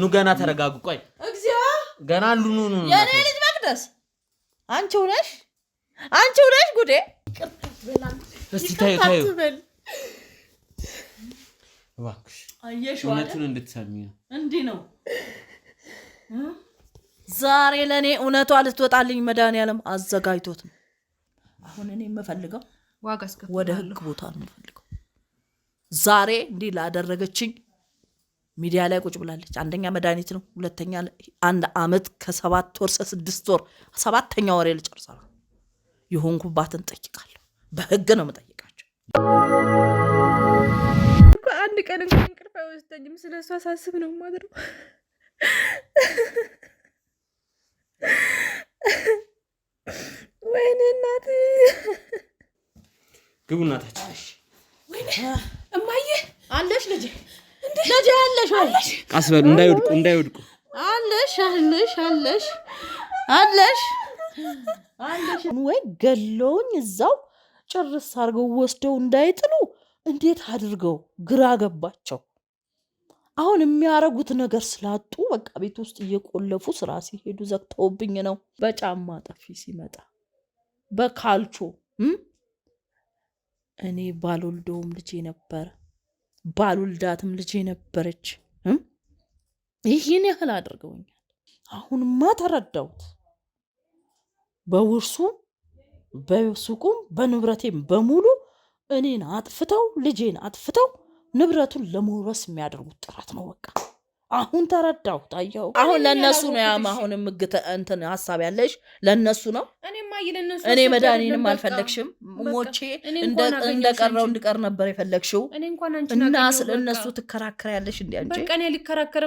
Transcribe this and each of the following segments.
ኑ ገና ተረጋጉ። ቆይ ገና ሉ ኑ ኑ የኔ ልጅ መቅደስ አንቺው ነሽ አንቺው ነሽ ጉዴ። እስቲ ታዩ ታዩ እባክሽ እውነቱን እንድትሰሚ ነው። እንዲህ ነው ዛሬ ለእኔ እውነቷ ልትወጣልኝ መድኃኒዓለም አዘጋጅቶት ነው። አሁን እኔ የምፈልገው ወደ ህግ ቦታ ነው የምፈልገው ዛሬ እንዲህ ላደረገችኝ ሚዲያ ላይ ቁጭ ብላለች። አንደኛ መድኃኒት ነው፣ ሁለተኛ አንድ አመት ከሰባት ወር ስድስት ወር ሰባተኛ ወሬ ልጨርሳ የሆንኩባትን ጠይቃለሁ። በህግ ነው የምጠይቃቸው። አንድ ቀን እንኳን እንቅልፍ አይወስደኝም። ስለ እሷ ሳስብ ነው የማድረው። ወይኔ እናቴ፣ ግቡ እናታችን። ወይኔ እማዬ አለሽ ልጄ ልጅ ያለሽ ወይ? ቀስ በሉ እንዳይወድቁ እንዳይወድቁ። አለሽ አለሽ አለሽ አለሽ አለሽ። ወይ ገለውኝ እዛው ጭርስ አድርገው ወስደው እንዳይጥሉ እንዴት አድርገው ግራ ገባቸው። አሁን የሚያረጉት ነገር ስላጡ በቃ ቤት ውስጥ እየቆለፉ ስራ ሲሄዱ ዘግተውብኝ ነው። በጫማ ጠፊ ሲመጣ በካልቾ እኔ ባልወልደውም ልጄ ነበረ ባልወልዳትም ልጄ ነበረች። ይህን ያህል አድርገውኛል። አሁንማ ተረዳሁት። በውርሱ በሱቁም በንብረቴም በሙሉ እኔን አጥፍተው ልጄን አጥፍተው ንብረቱን ለመውረስ የሚያደርጉት ጥረት ነው በቃ አሁን ተረዳሁ። ታየው አሁን ለእነሱ ነው ያም አሁን ምግተ እንትን ሀሳብ ያለሽ ለእነሱ ነው። እኔ መድኃኒንም አልፈለግሽም። ሞቼ እንደቀረው እንድቀር ነበር የፈለግሽው እና ስለ እነሱ ትከራከሪያለሽ። እንዲ አንቺ ቀን ሊከራከር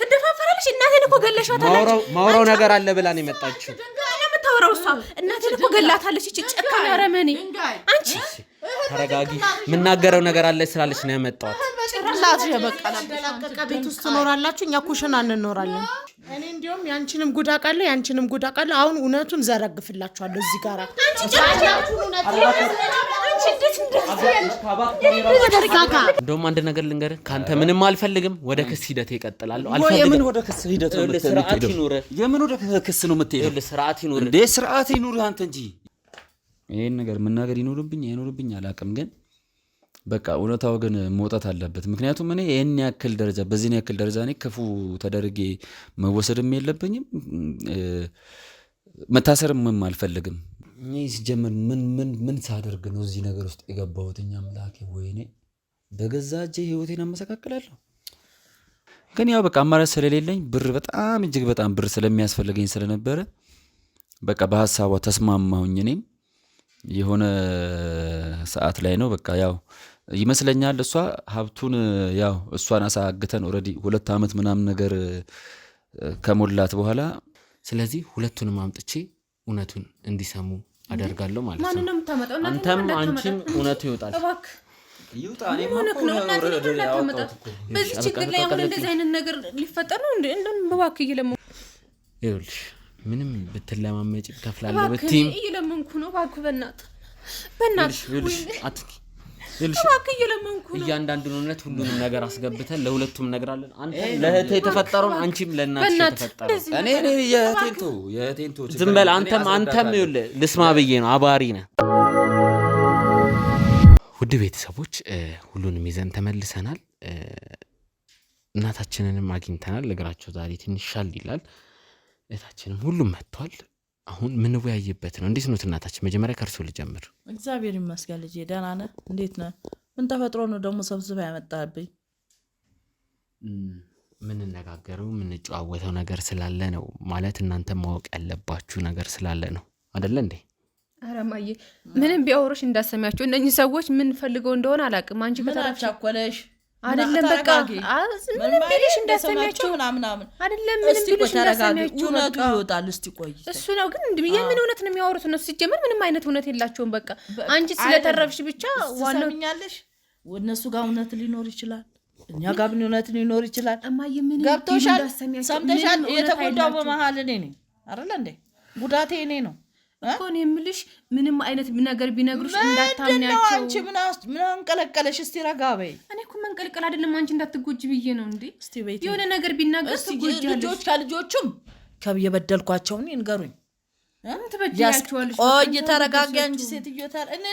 ትደፋፈራለሽ። እናቴን እኮ ገለሻታለች። ማውራው ነገር አለ ብላ ነው የመጣችው የምታወራው እሷ። እናቴን እኮ ገላታለች። ይቺ ጨካኝ አረመኔ። አንቺ ተረጋጊ። የምናገረው ነገር አለ ስላለች ነው ያመጣዋት በስርዓት በቃ ደላቀቀ ቤት ውስጥ ትኖራላችሁ፣ እኛ ኩሽና እንኖራለን። እኔ እንዲሁም ያንቺንም ጉድ አውቃለሁ፣ ያንቺንም ጉድ አውቃለሁ። አሁን እውነቱን ዘረግፍላችኋለሁ እዚህ ጋር እንደውም አንድ ነገር ልንገር፣ ከአንተ ምንም አልፈልግም። ወደ ክስ ሂደት ይቀጥላለሁ። የምን ወደ ክስ ሂደት ነው የምትሄደው? የምን ወደ ክስ ነው የምትሄደው? ስርዓት ይኑር እንዴ! ስርዓት ይኑር አንተ እንጂ ይህን ነገር መናገር ይኑርብኝ አይኖርብኝ አላውቅም ግን በቃ እውነታው ግን መውጣት አለበት። ምክንያቱም እኔ ይህን ያክል ደረጃ በዚህን ያክል ደረጃ እኔ ክፉ ተደርጌ መወሰድም የለብኝም መታሰርምም አልፈልግም። እኔ ሲጀምር ምን ምን ምን ሳደርግ ነው እዚህ ነገር ውስጥ የገባሁትኝ? አምላኬ ወይኔ በገዛ እጄ ህይወቴን አመሰካክላለሁ። ግን ያው በቃ አማራጭ ስለሌለኝ ብር በጣም እጅግ በጣም ብር ስለሚያስፈልገኝ ስለነበረ በቃ በሀሳቧ ተስማማሁኝ። እኔም የሆነ ሰዓት ላይ ነው በቃ ያው ይመስለኛል እሷ ሀብቱን ያው እሷን አሳግተን ኦልሬዲ ሁለት ዓመት ምናምን ነገር ከሞላት በኋላ ስለዚህ ሁለቱንም አምጥቼ እውነቱን እንዲሰሙ አደርጋለሁ ማለት ነው። አንተም አንቺም እውነቱ ይወጣል። በዚህ ችግር ላይ አሁን እንደዚህ አይነት ነገር ሊፈጠር ነው። ይኸውልሽ፣ ምንም ብትለማመጭ ትከፍላለህ ብትይም እየለመንኩ ነው። እያንዳንዱን እውነት ሁሉንም ነገር አስገብተን ለሁለቱም እነግራለን። ለእህቴ የተፈጠረውን አንቺም ለእናትሽ የተፈጠረው ዝም በል አንተም አንተም ይኸውልህ ልስማ ብዬ ነው። አባሪ ነህ። ውድ ቤተሰቦች ሁሉንም ይዘን ተመልሰናል። እናታችንንም አግኝተናል። እግራቸው ዛሬ ትንሽ ሻል ይላል። እህታችንም ሁሉም መጥቷል። አሁን ምንወያይበት ነው። እንዴት ነው እናታችን? መጀመሪያ ከእርሶ ልጀምር። እግዚአብሔር ይመስገን ልጄ፣ ደህና ነህ? እንዴት ነህ? ምን ተፈጥሮ ነው ደግሞ ሰብስባ ያመጣብኝ? ምንነጋገረው የምንጨዋወተው ነገር ስላለ ነው። ማለት እናንተ ማወቅ ያለባችሁ ነገር ስላለ ነው አደለ እንዴ? ኧረ እማዬ ምንም ቢያወሩሽ እንዳሰሚያቸው እነኚህ ሰዎች ምን ፈልገው እንደሆነ አላውቅም። አንቺ ከተራቻኮለሽ አይደለም በቃ ምንሽ ብልሽ እንዳሰሚያቸው ምናምናምን አይደለም ምንም ብልሽ እንዳሰሚያቸው እውነቱ ይወጣል። እስቲ ቆይ እሱ ነው ግን የምን እውነት ነው የሚያወሩት? እነሱ ሲጀመር ምንም አይነት እውነት የላቸውም። በቃ አንቺ ስለተረፍሽ ብቻ ዋለኛለሽ። እነሱ ጋር እውነት ሊኖር ይችላል፣ እኛ ጋር ምን እውነት ሊኖር ይችላል። ገብቶሻል? ሰምተሻል? የተጎዳው በመሀል እኔ ነኝ አይደለ እንዴ? ጉዳቴ እኔ ነው እኮን የምልሽ ምንም አይነት ነገር ቢነግሩሽ እንዳታምናቸው። አንቺ ምን አንቀለቀለሽ? እስቲ ረጋ በይ። እኔ እኮ መንቀልቀል አይደለም አንቺ እንዳትጎጅ ብዬ ነው እንዲ የሆነ ነገር ቢናገር ትጎጃለሽ። ከልጆቹም የበደልኳቸውን ይንገሩኝ። ትበጃቸዋለሽ። ቆይ ተረጋጊ አንቺ ሴትዮ።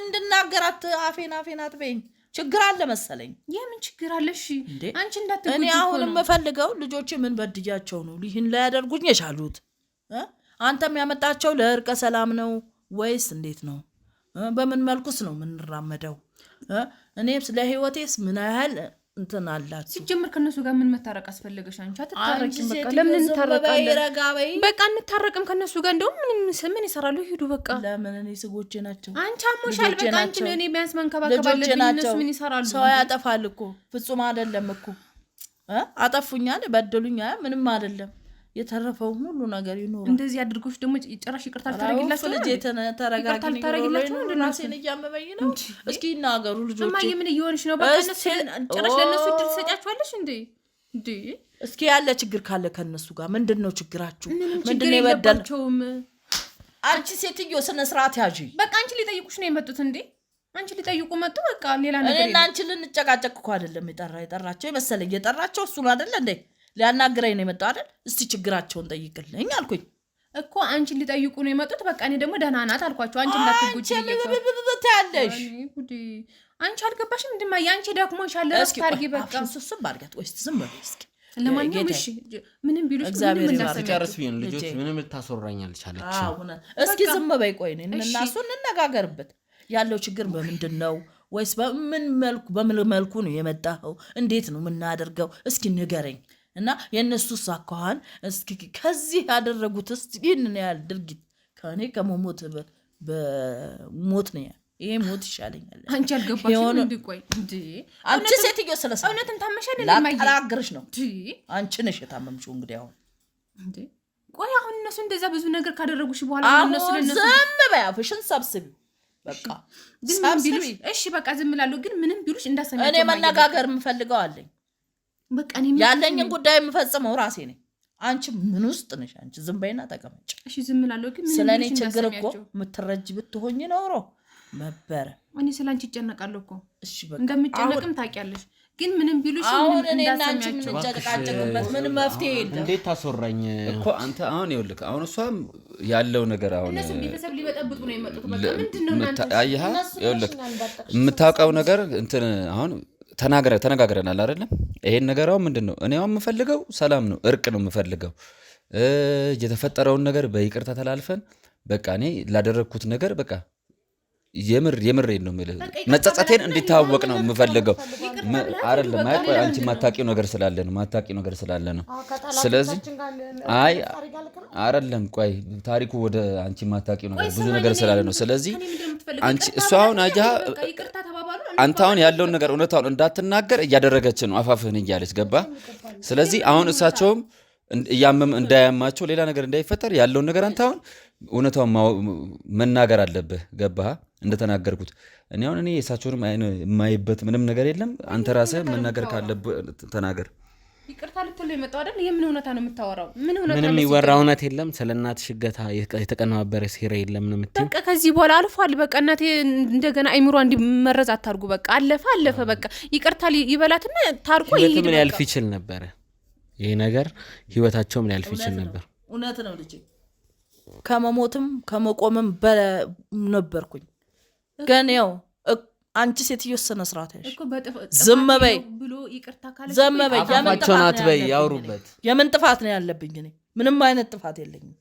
እንድናገራት አፌን አፌን አትበይኝ። ችግር አለ መሰለኝ። የምን ችግር አለሽ አንቺ? እንዳትጎጅ እኔ አሁን የምፈልገው ልጆች ምን በድያቸው ነው ይህን ላያደርጉኝ ያደርጉኝ የቻሉት? አንተም ያመጣቸው ለእርቀ ሰላም ነው ወይስ እንዴት ነው? በምን መልኩስ ነው የምንራመደው? እኔም ስለ ህይወቴስ ምን ያህል እንትን አላት። ሲጀምር ከእነሱ ጋር ምን መታረቅ አስፈለገሽ? አንቺ አትታረቂም። በቃ እንታረቅም ከእነሱ ጋር እንደውም ምን ይሰራሉ? ሂዱ በቃ። ለምን እኔ ስጎቼ ናቸው። አንቺ አሞሻል። በቃ አንቺ ነው እኔ ቢያንስ መንከባከብ አለብኝ። እነሱ ምን ይሰራሉ? ሰው ያጠፋል እኮ ፍጹም አይደለም እኮ አጠፉኛል፣ በደሉኛ፣ ምንም አይደለም የተረፈውም ሁሉ ነገር ይኖራል። እንደዚህ አድርጎች ደግሞ ጭራሽ ይቅርታ ልታረግላቸው ልጅ ተረጋግላቸው ራሴን እያመመኝ ነው። እስኪ ይናገሩ ልጆች ምን እየሆንሽ ነው? ጭራሽ ለእነሱ እድል ትሰጫቸዋለሽ እንዴ? እንዴ እስኪ ያለ ችግር ካለ ከእነሱ ጋር ምንድን ነው ችግራችሁ? ምንድን ነው የበደላቸውም? አንቺ ሴትዮ ስነ ስርዓት ያዥ። በቃ አንቺ ሊጠይቁሽ ነው የመጡት እንዴ? አንቺ ሊጠይቁ መጡ። በቃ ሌላ ነገር እኔና አንቺ ልንጨቃጨቅ እኮ አይደለም የጠራ የጠራቸው የመሰለኝ የጠራቸው እሱን አይደለ እንዴ? ሊያናግረኝ ነው የመጣው አይደል? እስቲ ችግራቸውን ጠይቅልኝ አልኩኝ እኮ። አንቺን ሊጠይቁ ነው የመጡት። በቃ እኔ ደግሞ ደህና ናት አልኳቸው። አንቺ እንዳትጉጭያለሽ አንቺ አልገባሽም። እንድማ የአንቺ ደግሞ ረፍት አድርጊ በቃ። ስብስብ አድርጊያት ወይስ ዝም በይ እስኪ። ምንም እስኪ ዝም በይ ቆይ፣ እና እሱ እንነጋገርበት ያለው ችግር በምንድን ነው ወይስ በምን መልኩ በምን መልኩ ነው የመጣኸው? እንዴት ነው የምናደርገው? እስኪ ንገረኝ። እና የእነሱ አኳኋን እስኪ ከዚህ ያደረጉትስ ይህንን ያህል ድርጊት ከእኔ ከመሞት በሞት ነው ያህል ይሄ ሞት ይሻለኛል። አንቺ አልገባሽም። እንዲቆይ አንቺ ሴትዮ ስለሰ እውነትም ታመሻል። ላጠራግርሽ ነው አንቺ ነሽ የታመምሽው። እንግዲህ አሁን ቆይ አሁን እነሱ እንደዛ ብዙ ነገር ካደረጉሽ በኋላ እነሱ ዝም በይ፣ አፍሽን በቃ ዝም ቢሉሽ እሺ፣ በቃ ዝም እላለሁ። ግን ምንም ቢሉሽ እንዳሰሚ እኔ መነጋገር የምፈልገው አለኝ ያለኝን ጉዳይ የምፈጽመው ራሴ ነኝ። አንቺ ምን ውስጥ ነሽ? አንቺ ዝም በይና ተቀመጭ። ስለ እኔ ችግር እኮ የምትረጅ ብትሆኝ ኖሮ ነበረ። እኔ ስለ አንቺ ይጨነቃለሁ እኮ እንደምጨነቅም ታውቂያለሽ። ግን ምንም ቢሉሽ አሁን እኔ እና አንቺ የምንጨቃጨቅበት ምንም መፍትሄ የለም። እንዴት ታስወራኝ እኮ አንተ። አሁን ይኸውልህ አሁን እሷም ያለው ነገር አሁን ቤተሰብ ሊበጠብጡ ነው የመጡት። ምንድነው ምንድን ነው የምታውቀው ነገር እንትን አሁን ተናግረ ተነጋግረናል አይደለም። ይሄን ነገራው ምንድን ነው እኔው የምፈልገው ሰላም ነው፣ እርቅ ነው የምፈልገው። የተፈጠረውን ነገር በይቅርታ ተላልፈን በቃ እኔ ላደረግኩት ነገር በቃ የምር የምሬን ነው የምልህ። መጸጸቴን እንዲታወቅ ነው የምፈልገው። አይደለም አይ ቆይ አንቺ ማታቂው ነገር ስላለ ነው ማታቂው ነገር ስላለ ነው። ስለዚህ አይ አይደለም ቆይ ታሪኩ ወደ አንቺ ማታቂው ነገር ብዙ ነገር ስላለ ነው። ስለዚህ አንቺ እሷ አሁን አጃ አንተ አሁን ያለውን ነገር እውነታውን እንዳትናገር እያደረገች ነው፣ አፋፍህን እያለች ገባ። ስለዚህ አሁን እሳቸውም እያመም እንዳያማቸው ሌላ ነገር እንዳይፈጠር ያለውን ነገር አንተ አሁን እውነታውን መናገር አለብህ። ገባ እንደተናገርኩት እኔ አሁን እኔ የእሳቸውንም የማይበት ምንም ነገር የለም። አንተ ራስህ መናገር ካለብህ ተናገር። ይቅርታ ልትሉ የመጣው አይደል? ይህ ምን እውነታ ነው የምታወራው? ምን እውነታ? ምንም የሚወራ እውነት የለም። ስለ እናትሽ እገታ የተቀነባበረ ሴራ የለም ነው የምትይው? በቃ ከዚህ በኋላ አልፏል። በቃ እናቴ እንደገና አይምሯ እንዲመረዝ አታርጉ። በቃ አለፈ አለፈ። በቃ ይቅርታ ይበላትና ታርቆ ይሄድ። ያልፍ ይችል ነበረ ይሄ ነገር፣ ህይወታቸው ምን ያልፍ ይችል ነበር። እውነት ነው ልጅ ከመሞትም ከመቆምም በነበርኩኝ ግን ያው አንቺ ሴትዮ ስነ ስርዓት ያሽ ዝም በይ ዘም በይ አፋቸውን አትበይ ያውሩበት የምን ጥፋት ነው ያለብኝ እኔ ምንም አይነት ጥፋት የለኝም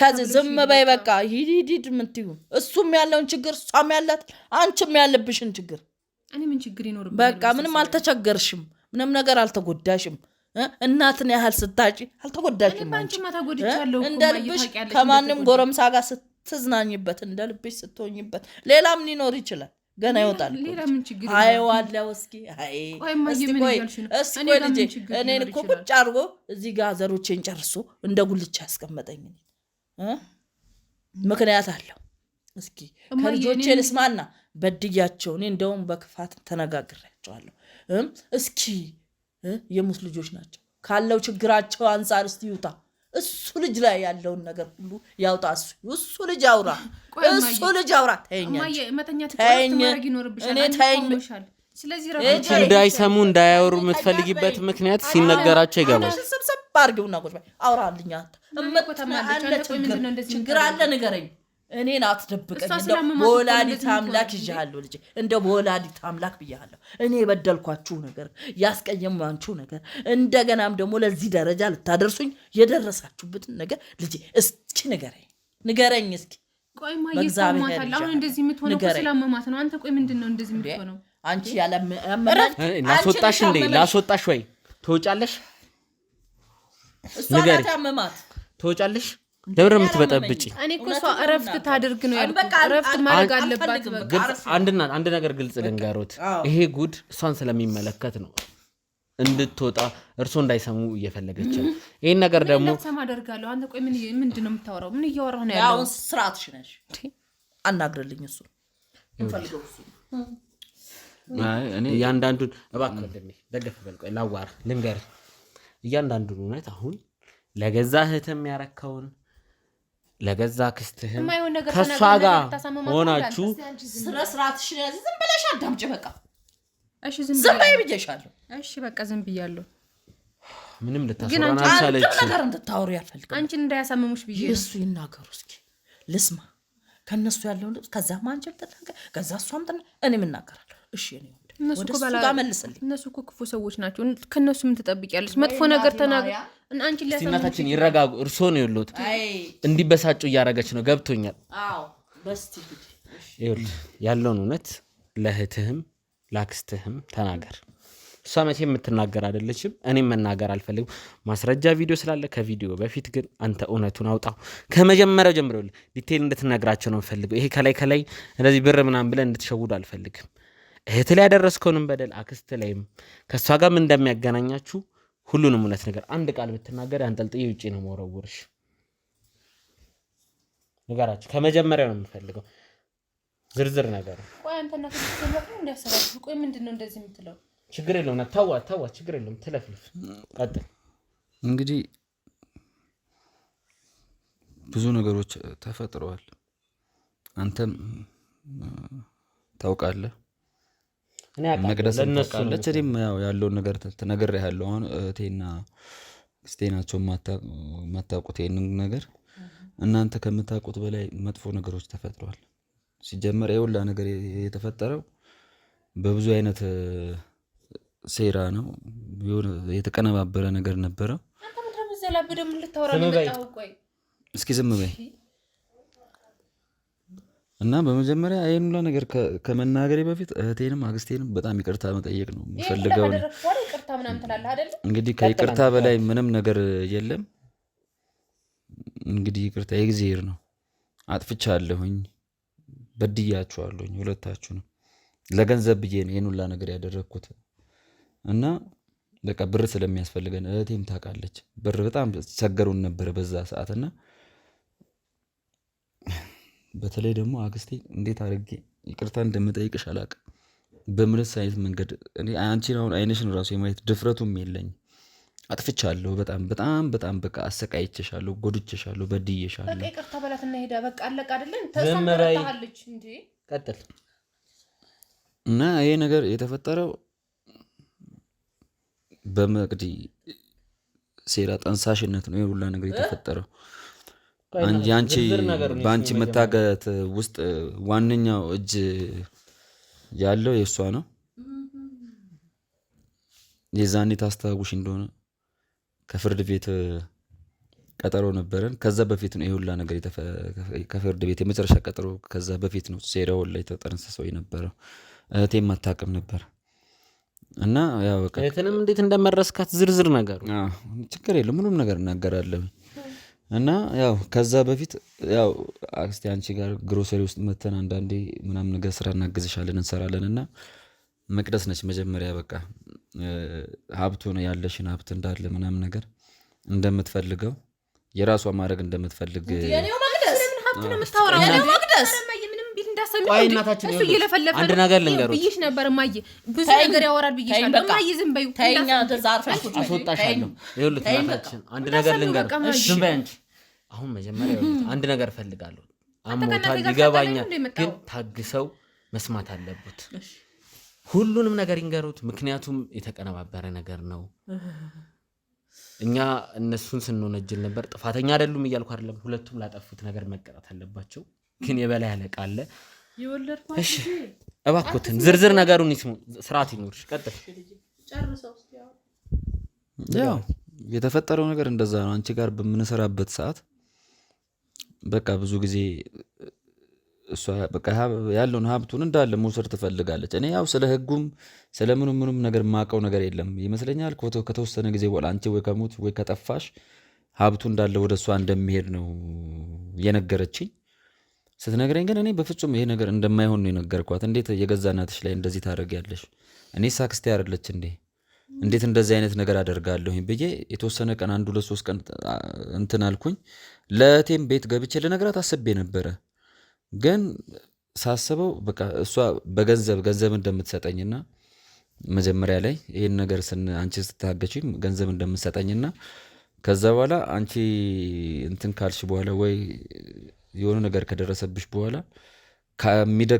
ከዚህ ዝም በይ በቃ ሂድ ሂድ ሂድ የምትዩ እሱም ያለውን ችግር እሷም ያላት አንቺም ያለብሽን ችግር ምን ችግር በቃ ምንም አልተቸገርሽም ምንም ነገር አልተጎዳሽም እናትን ያህል ስታጪ አልተጎዳሽም እንደ ልብሽ ከማንም ጎረምሳ ጋር ትዝናኝበት፣ እንደ ልብሽ ስትሆኝበት። ሌላም ሊኖር ይችላል ገና ይወጣል። አይዋለው እስኪ እስኪ ልጄ እኔን እኮ ቁጭ አድርጎ እዚህ ጋ ዘሮቼን ጨርሶ እንደ ጉልቻ ያስቀመጠኝ ምክንያት አለው። እስኪ ከልጆቼን እስማና በድያቸው እኔ እንደውም በክፋት ተነጋግሬያቸዋለሁ። እስኪ የሙስ ልጆች ናቸው ካለው ችግራቸው አንጻር እስቲ ይውታ እሱ ልጅ ላይ ያለውን ነገር ሁሉ ያውጣ። እሱ እሱ ልጅ አውራ እሱ ልጅ አውራ ተኛች እንዳይሰሙ እንዳያወሩ የምትፈልጊበት ምክንያት ሲነገራቸው ይገባል። ስብሰብ አድርጊውና ቁጭ በይ አውራልኛ ችግር አለ ንገረኝ። እኔን አትደብቀኝ። በወላዲት አምላክ ይዣለሁ ልጄ፣ እንደ በወላዲት አምላክ ብያለሁ። እኔ የበደልኳችሁ ነገር፣ ያስቀየማችሁ ነገር፣ እንደገናም ደግሞ ለዚህ ደረጃ ልታደርሱኝ የደረሳችሁበትን ነገር ልጄ እስኪ ንገረኝ፣ ንገረኝ እስኪ። ቆይማ እየሰማታል። አሁን ቆይ ምንድን እንደዚህ የምትሆነው? አንቺ ላስወጣሽ እንዴ? ላስወጣሽ ወይ ትወጫለሽ? እሷ ናት ትወጫለሽ ለምን የምትበጠብጭ? የምትበጠብጪ? እኔ እኮ እሷ እረፍት ታድርግ ነው ያልኩት። እረፍት ማድረግ አለባት። አንድ ነገር ግልጽ ልንገሮት፣ ይሄ ጉድ እሷን ስለሚመለከት ነው እንድትወጣ እርሶ እንዳይሰሙ እየፈለገች ነው። ይህን ነገር ደግሞ ሰማ አደርጋለሁ። አንተ ቆይ ምንድን ነው የምታወራው? ምን እያወራሁ ነው ያለው? ስርዓትሽ ነሽ። አናግርልኝ እሱ እያንዳንዱን እባክህ ደገፍ ላዋራ ልንገርህ እያንዳንዱን እውነት አሁን ለገዛ እህትም ያረከውን ለገዛ ክስትህም ከእሷ ጋር ሆናችሁ ስነስርዓትሽን ያዝ። ዝም ብለሽ አዳምጪ። በቃ ዝም በይ ብዬሻለሁ። እሺ በቃ ዝም ብያለሁ። ምንም ልታስወራን አልቻለችም። ነገር እንድታወሩ ያልፈልግ አንቺን እንዳያሳምሙሽ ብዬ እሱ ይናገሩ እስኪ ልስማ ከእነሱ ያለውን ከዛ ተጠንቀ ከዛ እሷም እኔ ምናገራለሁ። እሺ ኔ እነሱ እኮ ክፉ ሰዎች ናቸው። ከእነሱ ምን ትጠብቂያለሽ? መጥፎ ነገር ተናግር። እናታችን ይረጋጉ። እርስዎ ነው የሉት እንዲበሳጩ እያደረገች ነው። ገብቶኛል። ያለውን እውነት ለእህትህም ላክስትህም ተናገር። እሷ መቼ የምትናገር አይደለችም። እኔም መናገር አልፈልግም። ማስረጃ ቪዲዮ ስላለ ከቪዲዮ በፊት ግን አንተ እውነቱን አውጣው። ከመጀመሪያው ጀምሮ ዲቴይል እንድትነግራቸው ነው የምፈልገው። ይሄ ከላይ ከላይ እንደዚህ ብር ምናምን ብለን እንድትሸውዱ አልፈልግም። እህት ላይ ያደረስከውንም በደል አክስት ላይም ከእሷ ጋርም እንደሚያገናኛችሁ ሁሉንም እውነት ነገር አንድ ቃል ብትናገር አንጠልጥዬ ውጭ ነው መወረውርሽ። ንገራችሁ። ከመጀመሪያው ነው የምፈልገው ዝርዝር ነገር። ቆይ ምንድን ነው እንደዚህ የምትለው? ችግር የለውም ታዋ ታዋ፣ ችግር የለውም ትለፍልፍ። ቀጥል እንግዲህ ብዙ ነገሮች ተፈጥረዋል። አንተም ታውቃለህ መቅደስ ታውቃለች። እኔም ያው ያለውን ነገር ነግሬሃለሁ። አሁን እህቴና እስቴ ናቸው የማታውቁት ይህንን ነገር። እናንተ ከምታውቁት በላይ መጥፎ ነገሮች ተፈጥረዋል። ሲጀመር የሁላ ነገር የተፈጠረው በብዙ አይነት ሴራ ነው። የተቀነባበረ ነገር ነበረው። እስኪ ዝም በይ እና በመጀመሪያ ይሄን ነገር ከመናገሬ በፊት እህቴንም አግስቴንም በጣም ይቅርታ መጠየቅ ነው የምፈልገው። እንግዲህ ከይቅርታ በላይ ምንም ነገር የለም። እንግዲህ ይቅርታ የእግዚአብሔር ነው። አጥፍቻለሁኝ፣ በድያችኋለሁኝ ነው። ለገንዘብ ብዬ ነው ይሄን ነገር ያደረግኩት እና በቃ ብር ስለሚያስፈልገን እህቴም ታውቃለች። ብር በጣም ቸገሩን ነበረ በዛ ሰዓት እና በተለይ ደግሞ አክስቴ እንዴት አድርጌ ይቅርታ እንደምጠይቅሽ አላውቅም። በምንስ አይነት መንገድ አንቺን አሁን አይነሽን ራሱ የማየት ድፍረቱም የለኝ። አጥፍቻለሁ በጣም በጣም በጣም በቃ አሰቃይቼሻለሁ፣ ጎድቼሻለሁ፣ በድዬሻለሁ። በቃ ይቅርታ በላትና ሄዳ በቃ አለቅ አይደለም ተሰምራለች እንጂ ቀጥል እና ይሄ ነገር የተፈጠረው በመቅዲ ሴራ ጠንሳሽነት ነው። የሁላ ነገር የተፈጠረው አንቺ በአንቺ መታገት ውስጥ ዋነኛው እጅ ያለው የእሷ ነው። የዛኔ ታስታውሽ እንደሆነ ከፍርድ ቤት ቀጠሮ ነበረን። ከዛ በፊት ነው የሁላ ነገር ከፍርድ ቤት የመጨረሻ ቀጠሮ ከዛ በፊት ነው ሴራው ላይ ተጠንስሰው የነበረው። እህቴም አታውቅም ነበር እና ያው በቃ እህትንም እንዴት እንደመረስካት ዝርዝር ነገር ችግር የለም ሁሉም ነገር እናገራለሁ። እና ያው ከዛ በፊት ያው አክስቴ አንቺ ጋር ግሮሰሪ ውስጥ መተን አንዳንዴ ምናምን ነገር ስራ እናግዝሻለን እንሰራለን እና መቅደስ ነች መጀመሪያ በቃ ሀብቱ ነው ያለሽን ሀብት እንዳለ ምናምን ነገር እንደምትፈልገው የራሷ ማድረግ እንደምትፈልግ አንድ ነገር ልንገሩት ነበር። ብዙ ነገር ያወራል አሁን መጀመሪያ አንድ ነገር አሞታል፣ ይገባኛል፣ ግን ታግሰው መስማት አለቡት። ሁሉንም ነገር ይንገሩት፣ ምክንያቱም የተቀነባበረ ነገር ነው። እኛ እነሱን ስንወነጅል ነበር። ጥፋተኛ አደሉም እያልኩ አይደለም። ሁለቱም ላጠፉት ነገር መቀጣት አለባቸው። ግን የበላይ አለቃ እባክዎትን ዝርዝር ነገሩን ይስሙ። ስርዓት ይኖርሽ። ቀጥል። ያው የተፈጠረው ነገር እንደዛ ነው። አንቺ ጋር በምንሰራበት ሰዓት በቃ ብዙ ጊዜ እሷ በቃ ያለውን ሀብቱን እንዳለ መውሰድ ትፈልጋለች። እኔ ያው ስለ ህጉም ስለ ምኑ ምኑም ነገር የማውቀው ነገር የለም ይመስለኛል። ከተወሰነ ጊዜ በኋላ አንቺ ወይ ከሞት ወይ ከጠፋሽ ሀብቱ እንዳለ ወደ እሷ እንደሚሄድ ነው የነገረችኝ። ስትነግረኝ ግን እኔ በፍጹም ይሄ ነገር እንደማይሆን ነው የነገርኳት። እንዴት የገዛ እናትሽ ላይ እንደዚህ ታደርጊያለሽ? እኔ ሳክስቴ አይደለች እንዴ? እንዴት እንደዚህ አይነት ነገር አደርጋለሁኝ ብዬ የተወሰነ ቀን አንዱ ለሶስት ቀን እንትን አልኩኝ። ለእቴም ቤት ገብቼ ልነግራት አስቤ ነበረ ግን ሳስበው በቃ እሷ በገንዘብ ገንዘብ እንደምትሰጠኝና መጀመሪያ ላይ ይህን ነገር አንቺ ስትታገች ገንዘብ እንደምትሰጠኝና ከዛ በኋላ አንቺ እንትን ካልሽ በኋላ ወይ የሆነ ነገር ከደረሰብሽ በኋላ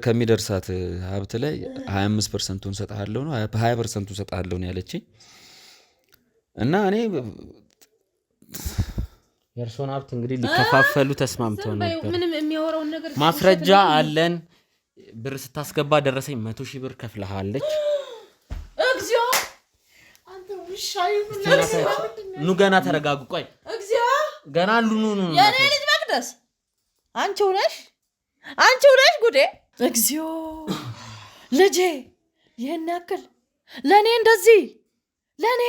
ከሚደርሳት ሀብት ላይ ሀያ አምስት ፐርሰንቱን እሰጥሃለሁ ነው ሀያ ፐርሰንቱ እሰጥሃለሁ ነው ያለችኝ። እና እኔ የእርሶን ሀብት እንግዲህ ሊከፋፈሉ ተስማምተው ነበር። ማስረጃ አለን። ብር ስታስገባ ደረሰኝ መቶ ሺህ ብር ከፍለሃለች። ኑ ገና ተረጋጉ። ቆይ ገና ሉኑ ነው አንቺ ነሽ አንቺ ነሽ ጉዴ! እግዚኦ ልጄ፣ ይህን ያክል ለእኔ እንደዚህ ለእኔ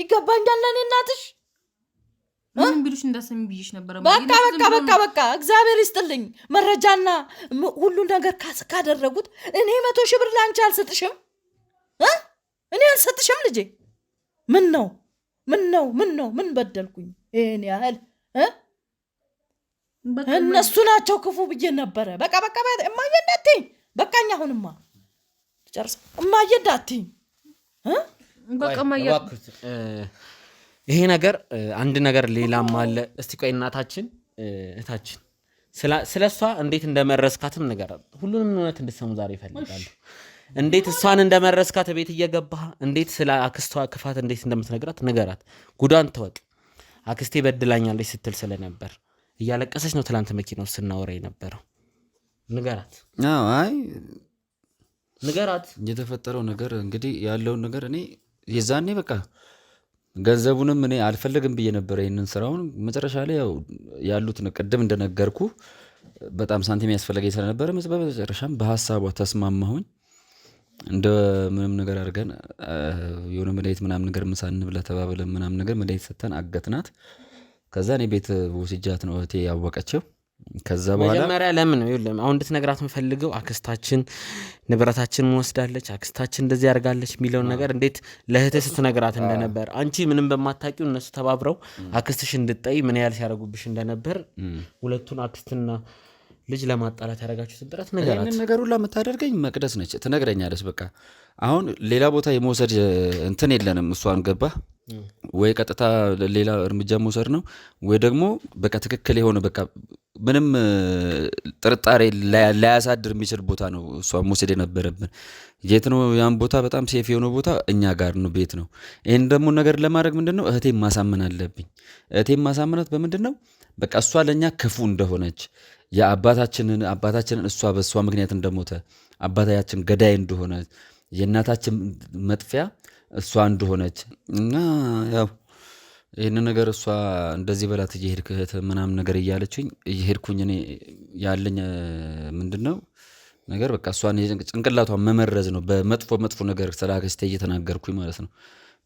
ይገባኛል። ለእኔ እናትሽ ምንም ቢሉሽ እንዳሰሚ ብዬሽ ነበረ። በቃ በቃ በቃ በቃ እግዚአብሔር ይስጥልኝ። መረጃና ሁሉ ነገር ካደረጉት እኔ መቶ ሺህ ብር ለአንቺ አልሰጥሽም፣ እኔ አልሰጥሽም ልጄ። ምን ነው ምን ነው ምን ነው ምን በደልኩኝ ይህን ያህል እነሱ ናቸው ክፉ ብዬ ነበረ። በቃ በቃ እማዬ እንዳትይኝ በቃኝ። አሁንማ ጨርስ እማዬ እንዳትይኝ። ይሄ ነገር አንድ ነገር ሌላም አለ። እስቲ ቆይ እናታችን እታችን ስለ እሷ እንዴት እንደመረስካትም ነገር ሁሉንም እውነት እንድሰሙ ዛሬ ይፈልጋሉ። እንዴት እሷን እንደመረስካት ቤት እየገባ እንዴት ስለ አክስቷ ክፋት እንዴት እንደምትነግራት ነገራት። ጉዳን ትወቅ። አክስቴ በድላኛለች ስትል ስለነበር እያለቀሰች ነው ትላንት መኪናው ስናወራ የነበረው። ንገራት፣ አይ ንገራት የተፈጠረው ነገር እንግዲህ ያለውን ነገር እኔ የዛኔ በቃ ገንዘቡንም እኔ አልፈልግም ብዬ ነበረ ይህንን ስራውን። መጨረሻ ላይ ያው ያሉትን ቅድም እንደነገርኩ በጣም ሳንቲም ያስፈለገኝ ስለነበረ በመጨረሻም በሀሳቧ ተስማማሁኝ። እንደ ምንም ነገር አድርገን የሆነ መድኃኒት ምናምን ነገር ምሳ እንብላ ተባብለን ምናምን ነገር መድኃኒት ሰተን አገትናት። ከዛ እኔ ቤት ውስጃት ነው እህቴ ያወቀችው። ከዛ በኋላ መጀመሪያ ለምን ይኸውልህ፣ አሁን እንድትነግራት የምፈልገው አክስታችን ንብረታችንን ወስዳለች፣ አክስታችን እንደዚህ ያደርጋለች የሚለውን ነገር እንዴት ለእህትህ ስትነግራት እንደነበር አንቺ ምንም በማታውቂው እነሱ ተባብረው አክስትሽ እንድጠይ ምን ያህል ሲያደርጉብሽ እንደነበር ሁለቱን አክስትና ልጅ ለማጣላት ያደረጋችሁትን ጥረት ነገራት። ነገር ሁላ የምታደርገኝ መቅደስ ነች፣ ትነግረኛለች። በቃ አሁን ሌላ ቦታ የመውሰድ እንትን የለንም። እሷን ገባ ወይ ቀጥታ ሌላ እርምጃ መውሰድ ነው ወይ ደግሞ በቃ ትክክል የሆነ በቃ ምንም ጥርጣሬ ላያሳድር የሚችል ቦታ ነው እሷ መውሰድ የነበረብን። የት ነው ያን ቦታ? በጣም ሴፍ የሆነ ቦታ እኛ ጋር ነው፣ ቤት ነው። ይህን ደግሞ ነገር ለማድረግ ምንድን ነው እህቴ ማሳመን አለብኝ። እህቴ ማሳመናት በምንድን ነው በቃ እሷ ለእኛ ክፉ እንደሆነች የአባታችንን አባታችንን እሷ በእሷ ምክንያት እንደሞተ አባታችን ገዳይ እንደሆነ የእናታችን መጥፊያ እሷ እንደሆነች እና ያው ይህን ነገር እሷ እንደዚህ በላት እየሄድክ እህት ምናምን ነገር እያለችኝ እየሄድኩኝ እኔ ያለኝ ምንድን ነው ነገር በቃ እሷ ጭንቅላቷ መመረዝ ነው። በመጥፎ መጥፎ ነገር ስለ አክስቴ እየተናገርኩኝ ማለት ነው።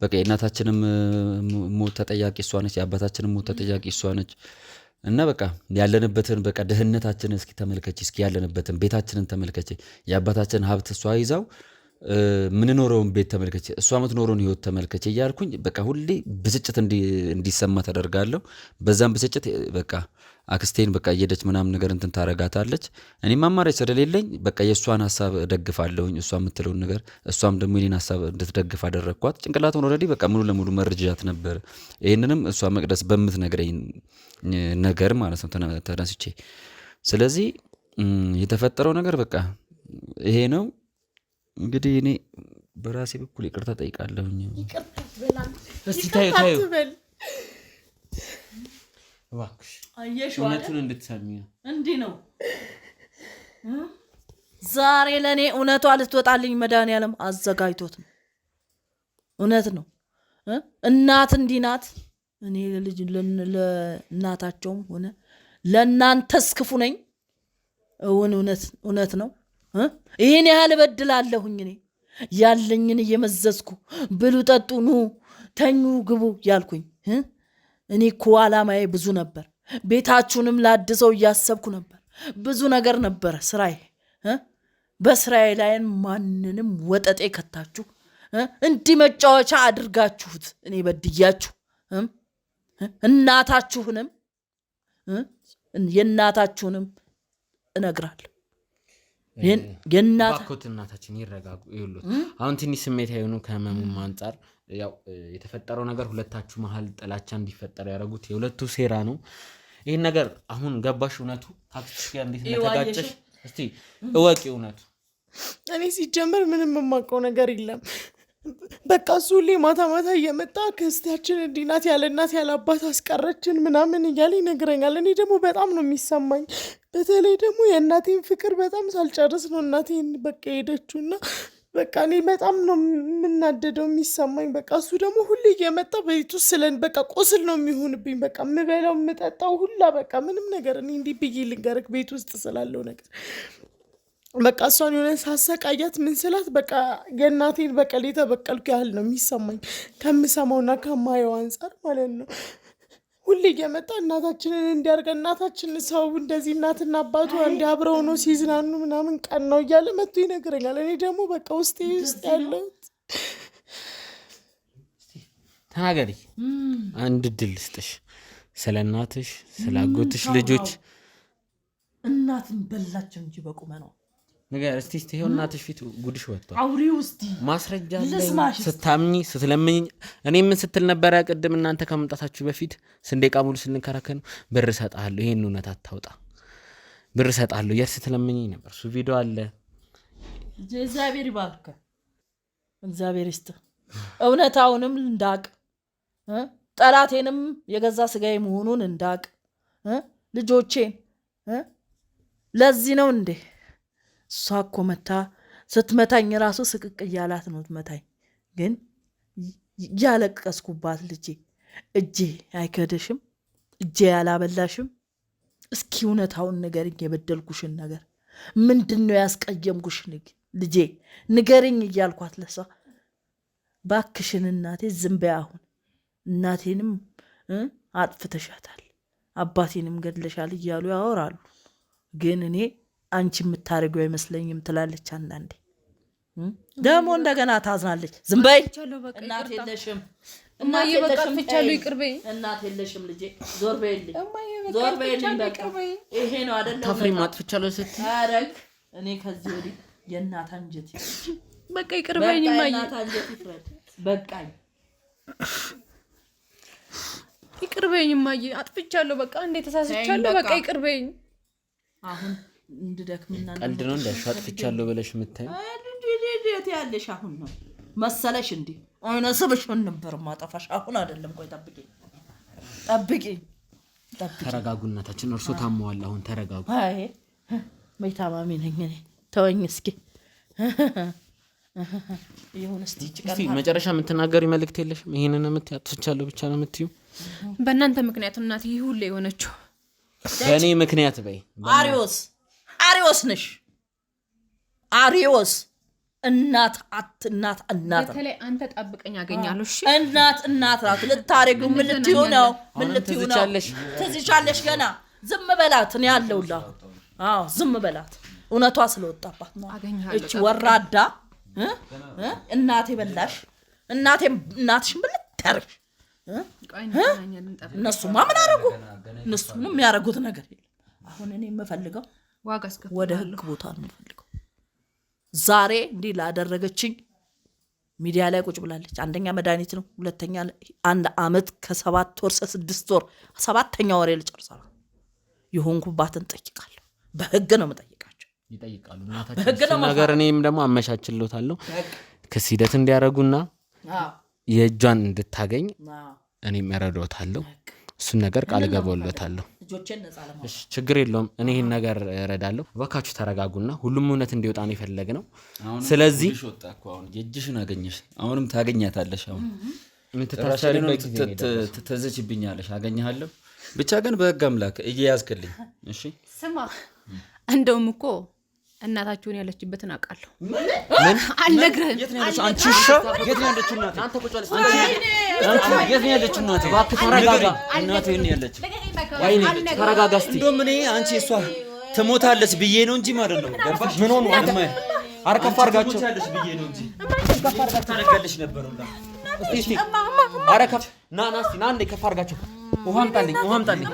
በቃ የእናታችንም ሞት ተጠያቂ እሷ ነች፣ የአባታችንም ሞት ተጠያቂ እሷ ነች። እና በቃ ያለንበትን በቃ ድህነታችንን እስኪ ተመልከች፣ እስኪ ያለንበትን ቤታችንን ተመልከች፣ የአባታችን ሀብት እሷ ይዛው ምንኖረውን ቤት ተመልከች፣ እሷ የምትኖረውን ህይወት ተመልከች እያልኩኝ በቃ ሁሌ ብስጭት እንዲሰማ ተደርጋለሁ። በዛም ብስጭት በቃ አክስቴን በቃ እየሄደች ምናምን ነገር እንትን ታረጋታለች። እኔም አማራጭ ስለሌለኝ በቃ የእሷን ሀሳብ እደግፋለሁኝ። እሷ የምትለውን ነገር እሷም ደግሞ የኔን ሀሳብ እንድትደግፍ አደረግኳት። ጭንቅላቱን ኦልሬዲ በቃ ሙሉ ለሙሉ መርጃት ነበር። ይህንንም እሷ መቅደስ በምትነግረኝ ነገር ማለት ነው ተነስቼ። ስለዚህ የተፈጠረው ነገር በቃ ይሄ ነው እንግዲህ እኔ በራሴ በኩል ይቅርታ ጠይቃለሁኝ። እባክሽ እውነቱን እንድትሰሚ ነው። እንዲህ ነው ዛሬ ለእኔ እውነቷ ልትወጣልኝ መድኃኒዓለም አዘጋጅቶት ነው። እውነት ነው። እናት እንዲህ ናት። እኔ ልጅ ለእናታቸውም ሆነ ለእናንተስ ክፉ ነኝ። እውን እውነት ነው። ይህን ያህል እበድላለሁኝ እኔ ያለኝን እየመዘዝኩ ብሉ፣ ጠጡ፣ ኑ፣ ተኙ፣ ግቡ ያልኩኝ እኔ እኮ ዓላማዬ ብዙ ነበር። ቤታችሁንም ላድሰው እያሰብኩ ነበር። ብዙ ነገር ነበረ ስራዬ። በስራዬ ላይን ማንንም ወጠጤ ከታችሁ እንዲህ መጫወቻ አድርጋችሁት እኔ በድያችሁ እናታችሁንም የእናታችሁንም እነግራለሁ። የእናታችን ይረጋጉ። አሁን ትንሽ ስሜት የሆኑ ከህመሙም አንጻር ያው የተፈጠረው ነገር ሁለታችሁ መሀል ጥላቻ እንዲፈጠር ያደረጉት የሁለቱ ሴራ ነው። ይህን ነገር አሁን ገባሽ? እውነቱ ታክቲክስ ጋር እንዴት እንደተጋጨሽ እስቲ እወቂ። እውነቱ እኔ ሲጀምር ምንም የማውቀው ነገር የለም። በቃ እሱ ሁሌ ማታ ማታ እየመጣ ክስቲያችን እንዲህ ናት ያለ እናት ያለ አባት አስቀረችን ምናምን እያለ ይነግረኛል። እኔ ደግሞ በጣም ነው የሚሰማኝ። በተለይ ደግሞ የእናቴን ፍቅር በጣም ሳልጨርስ ነው እናቴን በቃ እና በቃ እኔ በጣም ነው የምናደደው የሚሰማኝ። በቃ እሱ ደግሞ ሁሌ እየመጣ በቤቱ ስለን በቃ ቁስል ነው የሚሆንብኝ። በቃ የምበላው የምጠጣው ሁላ በቃ ምንም ነገር እኔ እንዲህ ብዬ ልንገርክ ቤት ውስጥ ስላለው ነገር በቃ እሷን የሆነ ሳሰቃያት ምን ስላት በቃ የእናቴን በቀል የተበቀልኩ ያህል ነው የሚሰማኝ ከምሰማውና ከማየው አንጻር ማለት ነው። ሁሌ እየመጣ እናታችንን እንዲያርገ እናታችን ሰው እንደዚህ እናትና አባቱ አንድ አብረው ነው ሲዝናኑ ምናምን ቀን ነው እያለ መጥቶ ይነግረኛል። እኔ ደግሞ በቃ ውስጤ ውስጥ ያለው ተናገሪ። አንድ ድል ስጥሽ፣ ስለ እናትሽ ስለ አጎትሽ ልጆች እናትን በላቸው እንጂ በቁመ ነው ነገር እስቲ ስ ይኸው እናትሽ ፊት ጉድሽ ወጥቷል። አውሪው እስቲ ማስረጃ ስታምኝ ስትለምኝ እኔ ምን ስትል ነበረ? ቅድም እናንተ ከመምጣታችሁ በፊት ስንዴ ዕቃ ሙሉ ስንከራከር ብር እሰጥሃለሁ፣ ይህን እውነት አታውጣ፣ ብር እሰጥሃለሁ እያልሽ ስትለምኝ ነበር። እሱ ቪዲዮ አለ። እግዚአብሔር ይባርከ፣ እግዚአብሔር ይስጥ። እውነታውንም እንዳቅ ጠላቴንም የገዛ ስጋዬ መሆኑን እንዳቅ ልጆቼን ለዚህ ነው እንዴ እሷ እኮ መታ ስትመታኝ ራሱ ስቅቅ እያላት ነው ትመታኝ። ግን ያለቀስኩባት ልጄ እጄ አይከደሽም፣ እጄ ያላበላሽም። እስኪ እውነታውን ንገርኝ፣ የበደልኩሽን ነገር ምንድን ነው ያስቀየምኩሽ? ልጄ ንገርኝ እያልኳት ለሷ ባክሽን እናቴ ዝም በይ አሁን እናቴንም አጥፍተሻታል አባቴንም ገድለሻል እያሉ ያወራሉ። ግን እኔ አንቺ የምታደርገው አይመስለኝም ትላለች። አንዳንዴ ደግሞ እንደገና ታዝናለች። ዝም በይ እናት የለሽም እናት የለሽም ልጄ፣ ዞር በይልኝ፣ ዞር በይልኝ። በቃ ይሄ ነው አይደለም አጥፍቻለሁ ስትይ እኔ ከዚህ ወዲህ የእናት አንጀት በቃ ይቅር በቃኝ እማዬ፣ አጥፍቻለሁ። በቃ ተሳስቻለሁ። በቃ ይቅርበኝ አሁን እንድደክምና ቀልድ ነው እንዳልሽው አጥፍቻለሁ ብለሽ የምታይ እንዴት ያለሽ አሁን ነው መሰለሽ? እንዲ አይነስብሽን ነበር ማጠፋሽ። አሁን አይደለም። ቆይ ጠብቂ ጠብቂ ጠብቂ። ተረጋጉ እናታችን፣ እርሶ ታመዋል። አሁን ተረጋጉ። አይ ታማሚ ነኝ እኔ። ተወኝ እስኪ ይሁን እስቲ መጨረሻ የምትናገሪ መልእክት የለሽም? ይህንን ምት አጥፍቻለሁ ብቻ ነው የምትዩ? በእናንተ ምክንያት እናት ይህ ሁሉ የሆነችው በእኔ ምክንያት በይ አሪዎስ አሪዎስ ነሽ። አሪዎስ እናት እናት እናት በተለይ አንተ ጠብቀኝ አገኛለሁ። እሺ እናት እናት ናት። ልታረጉ ምን ልትዩ ነው? ምን ልትዩ ነው? ትዝቻለሽ ገና። ዝም በላት እኔ ያለውላ። አዎ ዝም በላት። እውነቷ ስለወጣባት ነው። እቺ ወራዳ እናቴ በላሽ። እናቴ እናትሽን ምን ልታረግ እነሱማ ምን አረጉ? እነሱ ምንም ያረጉት ነገር የለም። አሁን እኔ የምፈልገው ዋጋ ወደ ህግ ቦታ ነው የምፈልገው። ዛሬ እንዲህ ላደረገችኝ ሚዲያ ላይ ቁጭ ብላለች። አንደኛ መድኃኒት ነው፣ ሁለተኛ አንድ አመት ከሰባት ወር ስድስት ወር ሰባተኛ ወሬ ልጨርሳ የሆንኩባትን ጠይቃለሁ። በህግ ነው የምጠይቃቸው፣ ይጠይቃሉ ነገር እኔም ደግሞ አመቻችሎታለሁ ክስ ሂደት እንዲያደርጉና የእጇን እንድታገኝ እኔም እረዶታለሁ። እሱን ነገር ቃል ገባሎታለሁ። ልጆቼን ነጻ ለማውጣት። ችግር የለውም እኔ ይህን ነገር እረዳለሁ። እባካችሁ ተረጋጉና ሁሉም እውነት እንዲወጣ ነው የፈለግነው። ስለዚህ የእጅሽን አገኘሽ፣ አሁንም ታገኛታለሽ። አሁን አገኘሃለሁ። ብቻ ግን በህግ አምላክ እየያዝክልኝ እሺ። ስማ እንደውም እኮ እናታችሁን ያለችበትን አውቃለሁ። አልነግረህም። ያለችው? እናቴ እባክህ ተረጋጋ። እናቴ የት ነው ያለችው? ወይኔ ተረጋጋ እስኪ። እንደውም እኔ አንቺ እሷ ትሞታለች ብዬ ነው እንጂ ማለት ነው። ምን ሆኖ አድማዬ አርከፍ አድርጋቸው ታደርጋለች ነበር። አረ ከፍ ና ና ና እንደ ከፍ አድርጋቸው ውሃ አምጣልኝ፣ ውሃ አምጣልኝ